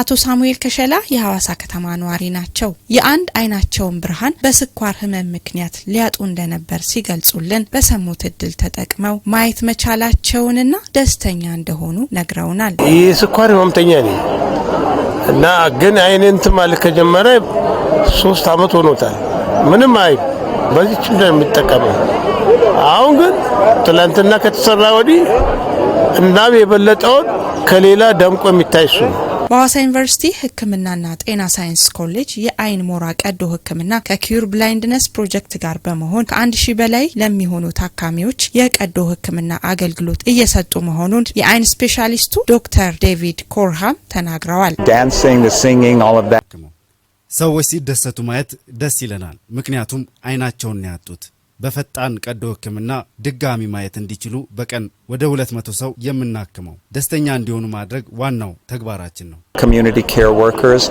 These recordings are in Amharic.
አቶ ሳሙኤል ከሸላ የሐዋሳ ከተማ ነዋሪ ናቸው። የአንድ አይናቸውን ብርሃን በስኳር ህመም ምክንያት ሊያጡ እንደነበር ሲገልጹልን በሰሙት እድል ተጠቅመው ማየት መቻላቸውንና ደስተኛ እንደሆኑ ነግረውናል። ይህ ስኳር ህመምተኛ ነኝ እና ግን አይኔ እንትን ማለት ከጀመረ ሶስት አመት ሆኖታል። ምንም አይ በዚች የሚጠቀመ። አሁን ግን ትላንትና ከተሰራ ወዲህ እናም የበለጠውን ከሌላ ደምቆ የሚታይ እሱ ነው በሐዋሳ ዩኒቨርሲቲ ህክምናና ጤና ሳይንስ ኮሌጅ የአይን ሞራ ቀዶ ህክምና ከኪዩር ብላይንድነስ ፕሮጀክት ጋር በመሆን ከአንድ ሺህ በላይ ለሚሆኑ ታካሚዎች የቀዶ ህክምና አገልግሎት እየሰጡ መሆኑን የአይን ስፔሻሊስቱ ዶክተር ዴቪድ ኮርሃም ተናግረዋል። ሰዎች ሲደሰቱ ማየት ደስ ይለናል። ምክንያቱም አይናቸውን ያጡት በፈጣን ቀዶ ህክምና ድጋሚ ማየት እንዲችሉ በቀን ወደ ሁለት መቶ ሰው የምናክመው ደስተኛ እንዲሆኑ ማድረግ ዋናው ተግባራችን ነው። community care workers.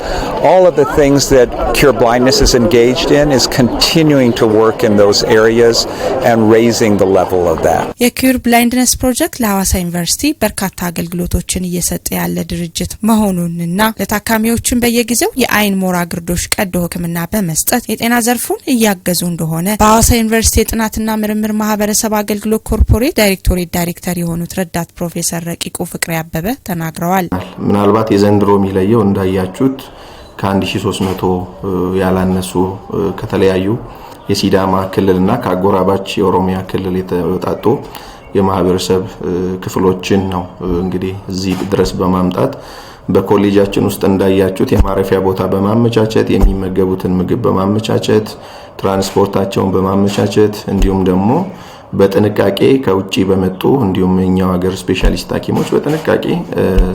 All of the things that Cure Blindness is engaged in is continuing to work in those areas and raising the level of that. የኪውር ብላይንድነስ ፕሮጀክት ለሐዋሳ ዩኒቨርሲቲ በርካታ አገልግሎቶችን እየሰጠ ያለ ድርጅት መሆኑንና ለታካሚዎችን በየጊዜው የአይን ሞራ ግርዶሽ ቀዶ ሕክምና በመስጠት የጤና ዘርፉን እያገዙ እንደሆነ በሐዋሳ ዩኒቨርሲቲ የጥናትና ምርምር ማህበረሰብ አገልግሎት ኮርፖሬት ዳይሬክቶሬት ዳይሬክተር የሆኑት ረዳት ፕሮፌሰር ረቂቁ ፍቅሬ አበበ ተናግረዋል። ምናልባት የዘንድሮ የሚለየው እንዳያችሁት ከ1300 ያላነሱ ከተለያዩ የሲዳማ ክልልና ከአጎራባች የኦሮሚያ ክልል የተወጣጡ የማህበረሰብ ክፍሎችን ነው እንግዲህ እዚህ ድረስ በማምጣት በኮሌጃችን ውስጥ እንዳያችሁት የማረፊያ ቦታ በማመቻቸት የሚመገቡትን ምግብ በማመቻቸት ትራንስፖርታቸውን በማመቻቸት እንዲሁም ደግሞ በጥንቃቄ ከውጭ በመጡ እንዲሁም የኛው ሀገር ስፔሻሊስት ሐኪሞች በጥንቃቄ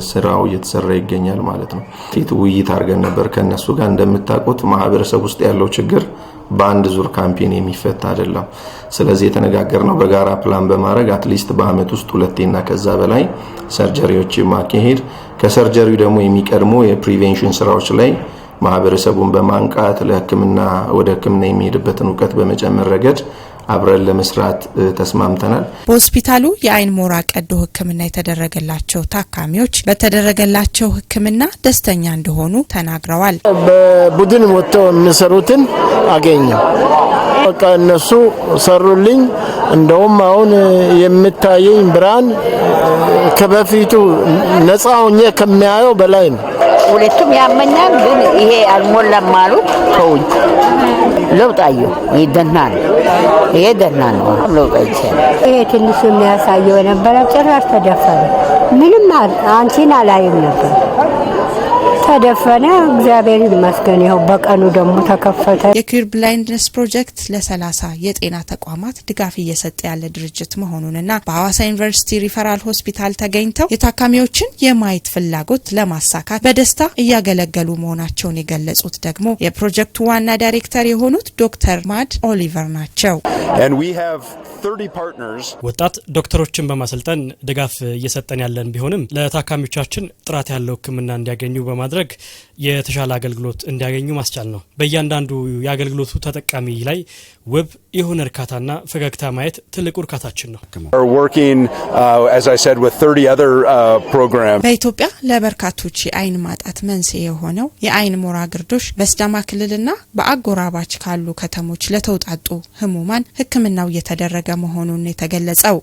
ስራው እየተሰራ ይገኛል ማለት ነው። ውይይት አድርገን ነበር ከነሱ ጋር። እንደምታውቁት ማህበረሰብ ውስጥ ያለው ችግር በአንድ ዙር ካምፔን የሚፈታ አይደለም። ስለዚህ ነው በጋራ ፕላን በማድረግ አትሊስት በአመት ውስጥ ሁለቴና ከዛ በላይ ሰርጀሪዎች ማካሄድ ከሰርጀሪው ደግሞ የሚቀድሞ የፕሪቬንሽን ስራዎች ላይ ማህበረሰቡን በማንቃት ለህክምና ወደ ህክምና የሚሄድበትን እውቀት በመጨመር ረገድ አብረን ለመስራት ተስማምተናል። በሆስፒታሉ የአይን ሞራ ቀዶ ሕክምና የተደረገላቸው ታካሚዎች በተደረገላቸው ሕክምና ደስተኛ እንደሆኑ ተናግረዋል። በቡድን ወጥተው የሚሰሩትን አገኘ በቃ እነሱ ሰሩልኝ። እንደውም አሁን የምታየኝ ብርሃን ከበፊቱ ነፃ ሆኜ ከሚያየው በላይ ነው። ሁለቱም ያመኛል፣ ግን ይሄ አልሞላም አሉት። ተውኝ ለውጣዩ ይደና ነው፣ ይሄ ደህና ነው። ለውጥ አይቻል። ይሄ ትንሹ የሚያሳየው የነበረ ጭራሽ ተደፈረ። ምንም አንቺን አላይም ነበር ተደፈነ። እግዚአብሔር ይመስገን፣ ይኸው በቀኑ ደግሞ ተከፈተ። የኪር ብላይንድነስ ፕሮጀክት ለሰላሳ የጤና ተቋማት ድጋፍ እየሰጠ ያለ ድርጅት መሆኑንና በሐዋሳ ዩኒቨርሲቲ ሪፈራል ሆስፒታል ተገኝተው የታካሚዎችን የማየት ፍላጎት ለማሳካት በደስታ እያገለገሉ መሆናቸውን የገለጹት ደግሞ የፕሮጀክቱ ዋና ዳይሬክተር የሆኑት ዶክተር ማድ ኦሊቨር ናቸው። ወጣት ዶክተሮችን በማሰልጠን ድጋፍ እየሰጠን ያለን ቢሆንም ለታካሚዎቻችን ጥራት ያለው ሕክምና እንዲያገኙ በማድረግ በማድረግ የተሻለ አገልግሎት እንዲያገኙ ማስቻል ነው። በእያንዳንዱ የአገልግሎቱ ተጠቃሚ ላይ ውብ የሆነ እርካታና ፈገግታ ማየት ትልቁ እርካታችን ነው። uh, uh, በኢትዮጵያ ለበርካቶች የአይን ማጣት መንስኤ የሆነው የአይን ሞራ ግርዶሽ በስዳማ ክልልና በአጎራባች ካሉ ከተሞች ለተውጣጡ ህሙማን ሕክምናው እየተደረገ መሆኑን የተገለጸው